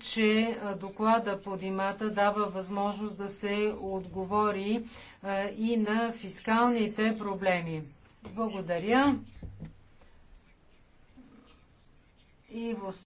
че доклада по димата дава възможност да се отговори и на фискалните проблеми. Благодаря. Иво